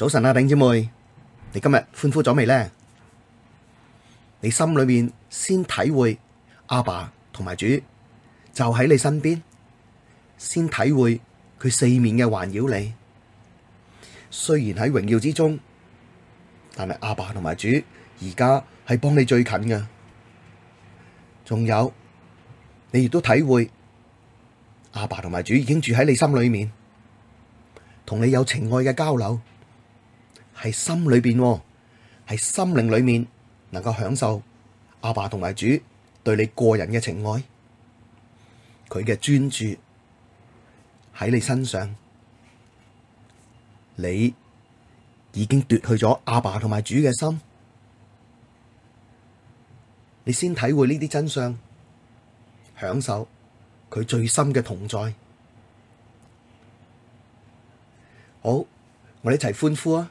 早晨啦、啊，頂姐妹，你今日歡呼咗未呢？你心裏面先體會阿爸同埋主就喺你身邊，先體會佢四面嘅環繞你。雖然喺榮耀之中，但係阿爸同埋主而家係幫你最近嘅。仲有，你亦都體會阿爸同埋主已經住喺你心裏面，同你有情愛嘅交流。喺心裏邊，喺心靈裏面能夠享受阿爸同埋主對你個人嘅情愛，佢嘅專注喺你身上，你已經奪去咗阿爸同埋主嘅心，你先體會呢啲真相，享受佢最深嘅同在。好，我哋一齊歡呼啊！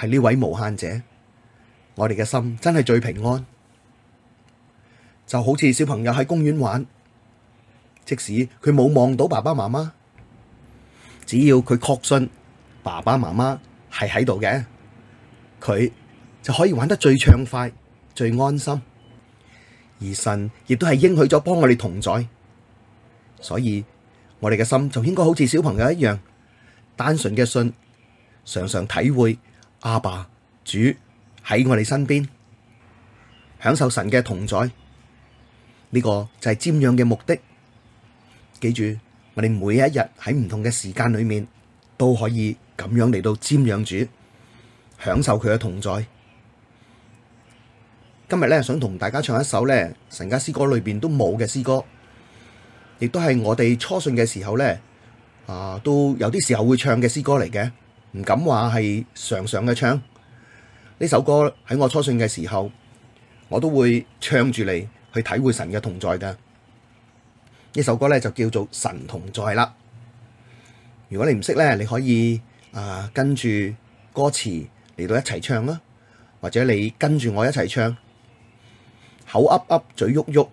係呢位無限者，我哋嘅心真係最平安，就好似小朋友喺公園玩，即使佢冇望到爸爸媽媽，只要佢確信爸爸媽媽係喺度嘅，佢就可以玩得最暢快、最安心。而神亦都係應許咗幫我哋同在，所以我哋嘅心就應該好似小朋友一樣，單純嘅信，常常體會。阿爸，主喺我哋身邊，享受神嘅同在，呢個就係瞻仰嘅目的。記住，我哋每一日喺唔同嘅時間裏面，都可以咁樣嚟到瞻仰主，享受佢嘅同在。今日咧，想同大家唱一首咧神家詩歌裏邊都冇嘅詩歌，亦都係我哋初信嘅時候咧，啊，都有啲時候會唱嘅詩歌嚟嘅。唔敢話係常常嘅唱呢首歌，喺我初信嘅時候，我都會唱住你去體會神嘅同在噶。呢首歌咧就叫做神同在啦。如果你唔識咧，你可以啊、呃、跟住歌詞嚟到一齊唱啦，或者你跟住我一齊唱，口噏噏嘴喐喐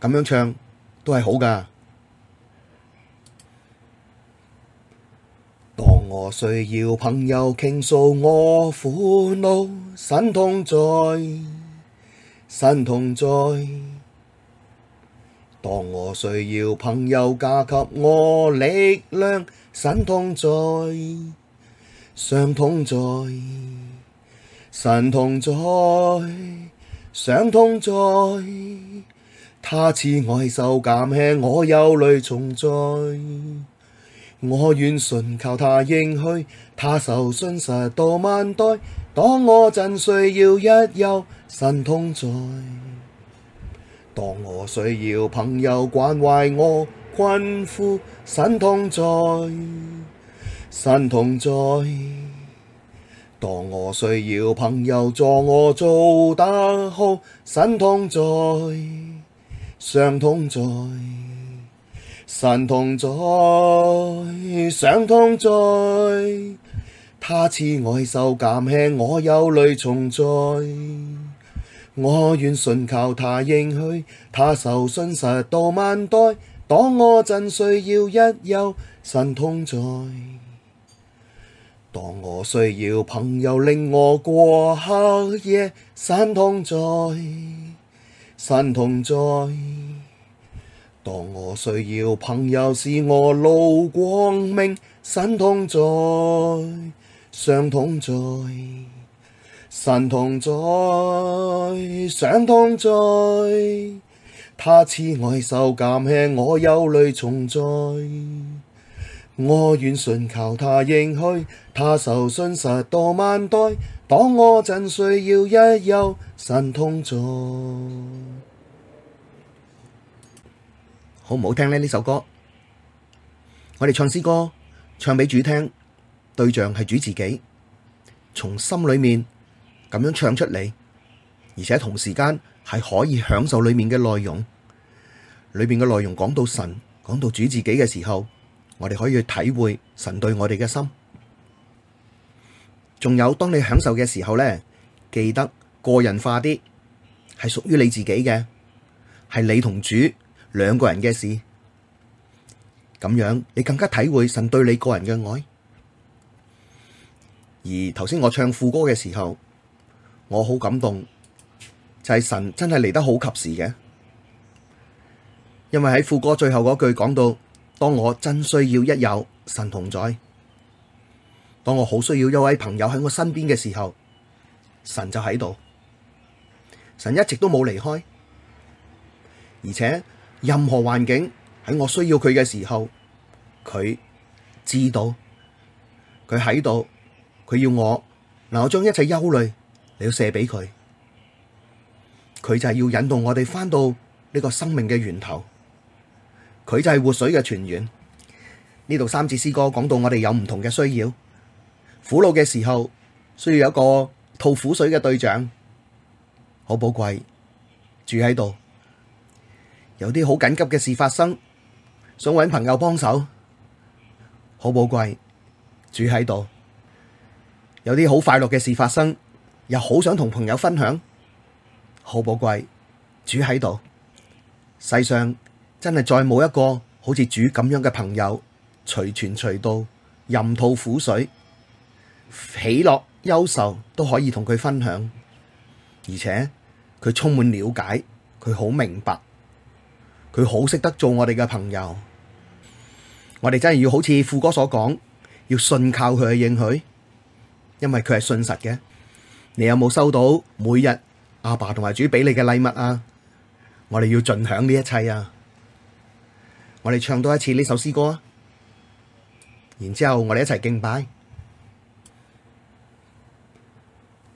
咁樣唱都係好噶。我需要朋友傾訴我苦惱，神同在，神同在。當我需要朋友加給我力量，神同在，常同在，神同在，常同在。他慈愛手減輕，我憂慮重載。我願信求他應許，他受信實到萬代。當我振需要一休，神同在；當我需要朋友關懷我困苦，神同在，神同在。當我需要朋友助我做得好，神同在，相同在。神同在，常同在，他慈愛手減輕，我憂慮重載。我願信靠他應許，他守信實到萬代。當我真需要一友，神同在。當我需要朋友領我過黑夜，神同在，神同在。當我需要朋友，使我路光明，神同在，常同在，神同在，常同、呃、在。他慈愛手減輕，我憂慮重載，我願信靠他應許，他守信實到萬代。當我真需要一友，神同在。好唔好聽呢？呢首歌，我哋唱詩歌，唱俾主聽，對象係主自己，從心裏面咁樣唱出嚟，而且同時間係可以享受裏面嘅內容。裏面嘅內容講到神，講到主自己嘅時候，我哋可以去體會神對我哋嘅心。仲有，當你享受嘅時候呢，記得個人化啲，係屬於你自己嘅，係你同主。兩個人嘅事，咁樣你更加體會神對你個人嘅愛。而頭先我唱副歌嘅時候，我好感動，就係、是、神真係嚟得好及時嘅。因為喺副歌最後嗰句講到，當我真需要一有神同在，當我好需要一位朋友喺我身邊嘅時候，神就喺度，神一直都冇離開，而且。任何環境喺我需要佢嘅時候，佢知道佢喺度，佢要我嗱，我將一切憂慮你要射俾佢，佢就係要引導我哋翻到呢個生命嘅源頭，佢就係活水嘅泉源。呢度三節詩歌講到我哋有唔同嘅需要，苦惱嘅時候需要有一個吐苦水嘅對象，好寶貴住喺度。有啲好緊急嘅事發生，想搵朋友幫手，好寶貴，主喺度；有啲好快樂嘅事發生，又好想同朋友分享，好寶貴，主喺度。世上真係再冇一個好似主咁樣嘅朋友，隨傳隨到，任吐苦水，喜樂憂愁都可以同佢分享，而且佢充滿了解，佢好明白。佢好識得做我哋嘅朋友，我哋真係要好似副歌所講，要信靠佢嘅應許，因為佢係信實嘅。你有冇收到每日阿爸同埋主畀你嘅禮物啊？我哋要盡享呢一切啊！我哋唱多一次呢首詩歌，啊！然之後我哋一齊敬拜。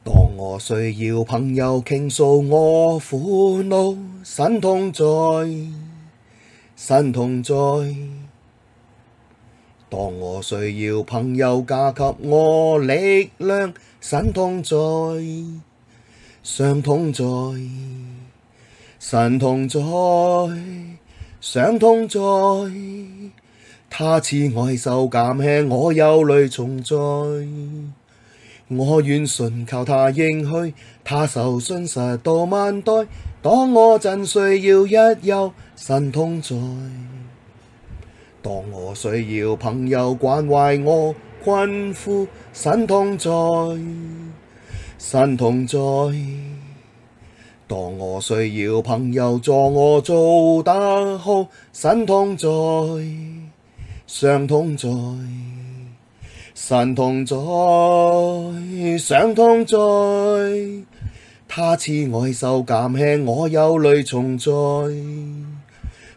當我需要朋友傾訴我苦惱，神同在。神同在，當我需要朋友加給我力量，神同在，常同在，神同在，常同在，他慈愛手減輕，我憂慮重載。我願信靠他應許，他守信實到萬代。當我真需要一友，神同在；當我需要朋友關懷我困苦，神同在，神同在。當我需要朋友助我做得好，神同在，常同在。神同在，常同在，他慈愛手減輕，我憂慮重載。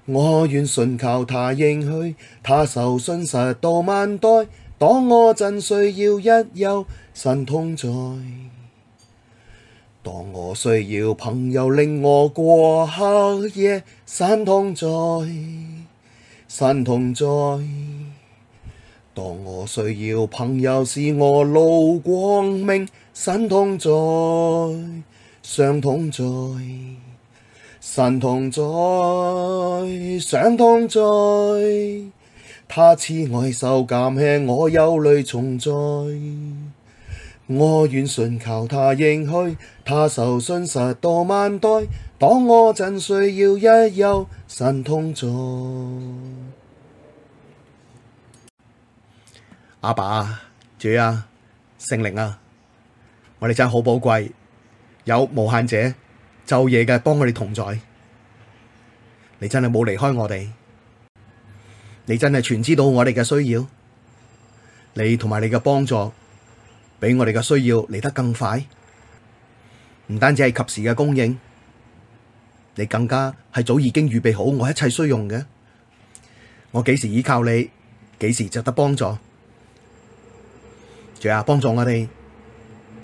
我願信靠他應許，他守信實到萬代。當我真需要一友，神同在。當我需要朋友領我過黑夜，神同在，神同在。當我需要朋友，是我路光明，神同在，相同在，神同在，相同在。他慈愛、呃、受減輕，我憂慮重載，我願信求，他應許，他受信實多萬代。當我真需要一休，神同在。阿爸，爸啊，主啊，聖靈啊，我哋真係好寶貴，有無限者晝夜嘅幫我哋同在。你真係冇離開我哋，你真係全知道我哋嘅需要，你同埋你嘅幫助俾我哋嘅需要嚟得更快，唔單止係及時嘅供應，你更加係早已經預備好我一切需用嘅。我幾時依靠你，幾時就得幫助。主啊，幫助我哋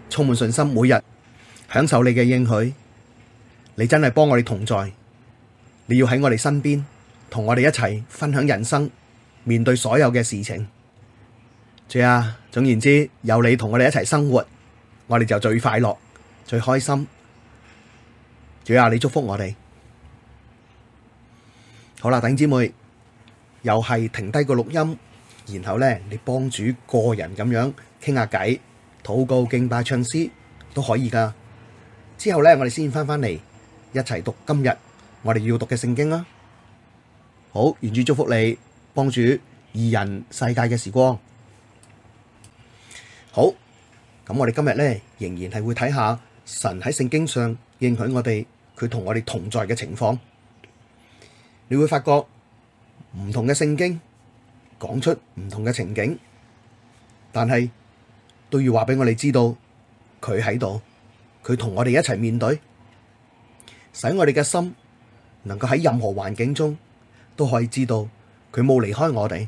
充滿信心，每日享受你嘅應許。你真係幫我哋同在，你要喺我哋身邊，同我哋一齊分享人生，面對所有嘅事情。主啊，總言之，有你同我哋一齊生活，我哋就最快樂、最開心。主啊，你祝福我哋。好啦，弟兄姊妹，又係停低個錄音。然後咧，你幫主個人咁樣傾下偈、禱告、敬拜、唱詩都可以噶。之後咧，我哋先翻返嚟一齊讀今日我哋要讀嘅聖經啦。好，願主祝福你，幫主二人世界嘅時光。好，咁我哋今日咧仍然係會睇下神喺聖經上應許我哋佢同我哋同在嘅情況。你會發覺唔同嘅聖經。講出唔同嘅情景，但係都要話俾我哋知道佢喺度，佢同我哋一齊面對，使我哋嘅心能夠喺任何環境中都可以知道佢冇離開我哋。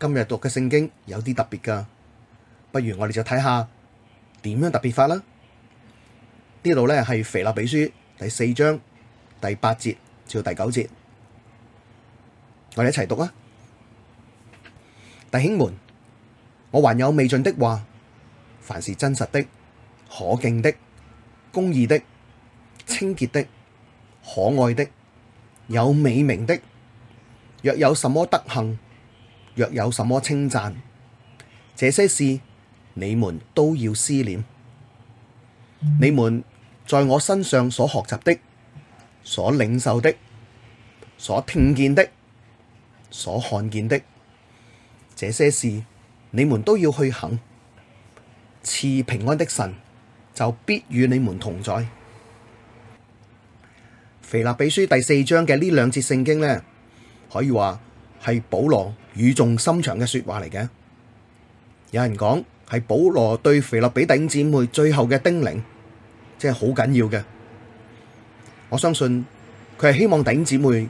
今日讀嘅聖經有啲特別噶，不如我哋就睇下點樣特別法啦。呢度咧係《腓立比書》第四章第八節至到第九節，我哋一齊讀啊！弟兄們，我還有未盡的話。凡是真實的、可敬的、公義的、清潔的、可愛的、有美名的，若有什麼德行，若有什麼稱讚，這些事你們都要思念。你們在我身上所學習的、所領受的、所聽見的、所看見的。這些事你們都要去行，賜平安的神就必與你們同在。腓立比書第四章嘅呢兩節聖經呢，可以話係保羅語重心長嘅說話嚟嘅。有人講係保羅對腓立比頂姊妹最後嘅叮嚀，即係好緊要嘅。我相信佢係希望頂姊妹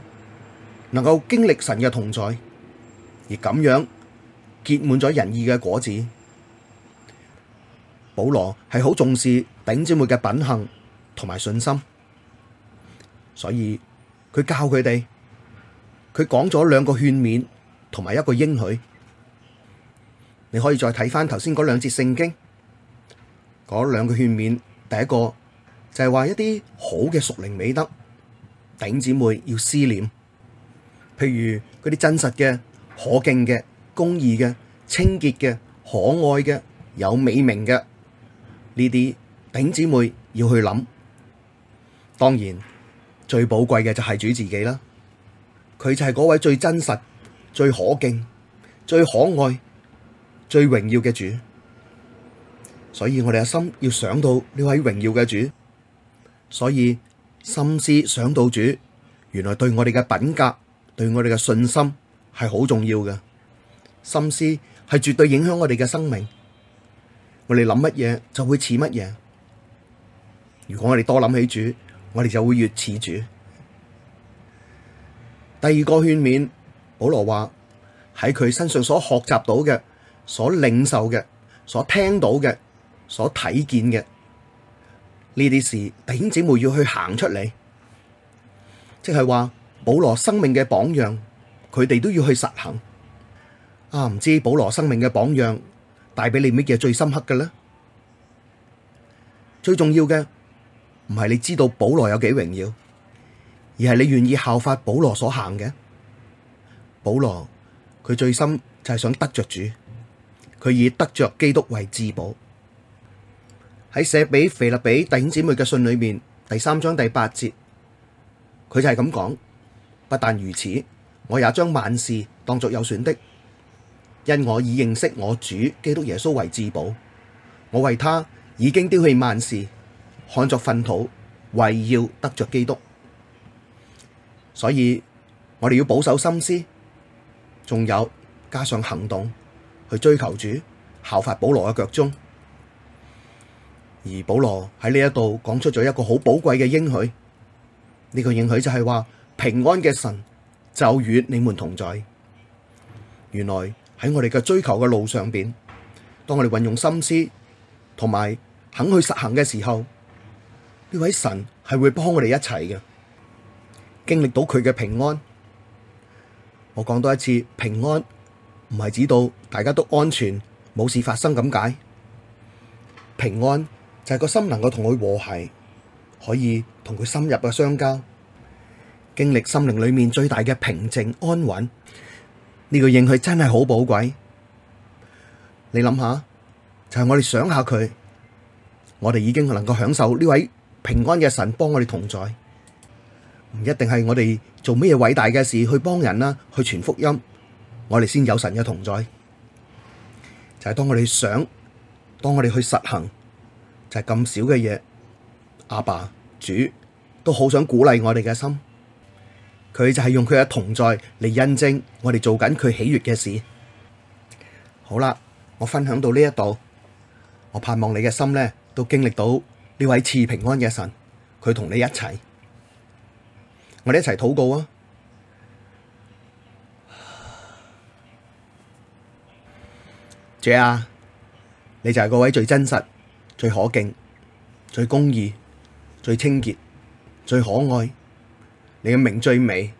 能夠經歷神嘅同在，而咁樣。結滿咗仁義嘅果子，保羅係好重視頂姊妹嘅品行同埋信心，所以佢教佢哋，佢講咗兩個勸勉同埋一個應許。你可以再睇翻頭先嗰兩節聖經，嗰兩個勸勉，第一個就係話一啲好嘅屬靈美德，頂姊妹要思念，譬如嗰啲真實嘅、可敬嘅。公義嘅、清潔嘅、可愛嘅、有美名嘅，呢啲弟兄姊妹要去諗。當然最寶貴嘅就係主自己啦，佢就係嗰位最真實、最可敬、最可愛、最榮耀嘅主。所以我哋嘅心要想到呢位榮耀嘅主，所以心思想到主，原來對我哋嘅品格、對我哋嘅信心係好重要嘅。心思係絕對影響我哋嘅生命，我哋諗乜嘢就會似乜嘢。如果我哋多諗起主，我哋就會越似主。第二個勸勉，保羅話喺佢身上所學習到嘅、所領受嘅、所聽到嘅、所睇見嘅呢啲事，弟兄姊妹要去行出嚟，即係話保羅生命嘅榜樣，佢哋都要去實行。啊！唔知保羅生命嘅榜樣帶俾你乜嘢最深刻嘅咧？最重要嘅唔係你知道保羅有幾榮耀，而係你願意效法保羅所行嘅。保羅佢最深就係想得着主，佢以得着基督為至寶。喺寫俾腓立比弟兄姊妹嘅信裏面，第三章第八節，佢就係咁講：不但如此，我也將萬事當作有損的。因我已認識我主基督耶穌為至寶，我為他已經丟棄萬事，看作糞土，為要得着基督。所以我哋要保守心思，仲有加上行動去追求主，效法保羅嘅腳蹤。而保羅喺呢一度講出咗一個好寶貴嘅應許，呢個應許就係話平安嘅神就與你們同在。原來。喺我哋嘅追求嘅路上邊，當我哋運用心思同埋肯去實行嘅時候，呢位神係會幫我哋一齊嘅，經歷到佢嘅平安。我講多一次，平安唔係指到大家都安全冇事發生咁解。平安就係個心能夠同佢和諧，可以同佢深入嘅相交，經歷心靈裏面最大嘅平靜安穩。呢個應許真係好寶貴，你諗下，就係我哋想下佢，我哋已經能夠享受呢位平安嘅神幫我哋同在，唔一定係我哋做乜嘢偉大嘅事去幫人啦，去傳福音，我哋先有神嘅同在，就係當我哋想，當我哋去實行，就係咁少嘅嘢，阿爸，主都好想鼓勵我哋嘅心。佢就係用佢嘅同在嚟印證我哋做緊佢喜悅嘅事。好啦，我分享到呢一度，我盼望你嘅心咧都經歷到呢位賜平安嘅神，佢同你一齊。我哋一齊禱告啊，姐啊，你就係嗰位最真實、最可敬、最公義、最清潔、最可愛。你嘅名最美，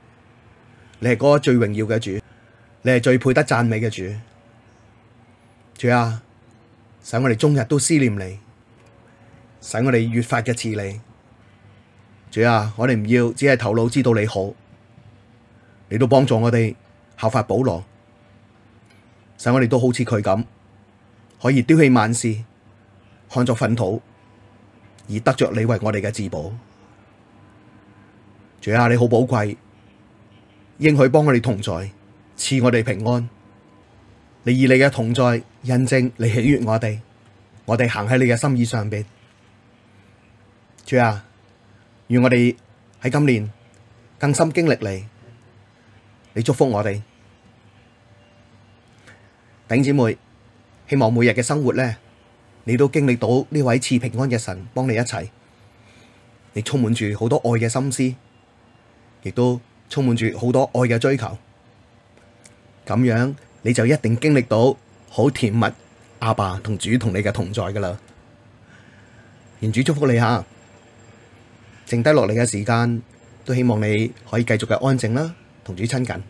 你係嗰個最榮耀嘅主，你係最配得讚美嘅主。主啊，使我哋終日都思念你，使我哋越發嘅似你。主啊，我哋唔要，只係頭腦知道你好，你都幫助我哋效法保羅，使我哋都好似佢咁，可以丟棄萬事，看作糞土，而得着你為我哋嘅至寶。主啊，你好寶貴，應許幫我哋同在，賜我哋平安。你以你嘅同在印證你喜悦我哋，我哋行喺你嘅心意上邊。主啊，願我哋喺今年更深經歷你，你祝福我哋。丁姐妹，希望每日嘅生活呢，你都經歷到呢位賜平安嘅神幫你一齊，你充滿住好多愛嘅心思。亦都充滿住好多愛嘅追求，咁樣你就一定經歷到好甜蜜阿爸同主同你嘅同在噶啦。願主祝福你吓，剩低落嚟嘅時間都希望你可以繼續嘅安靜啦，同主親近。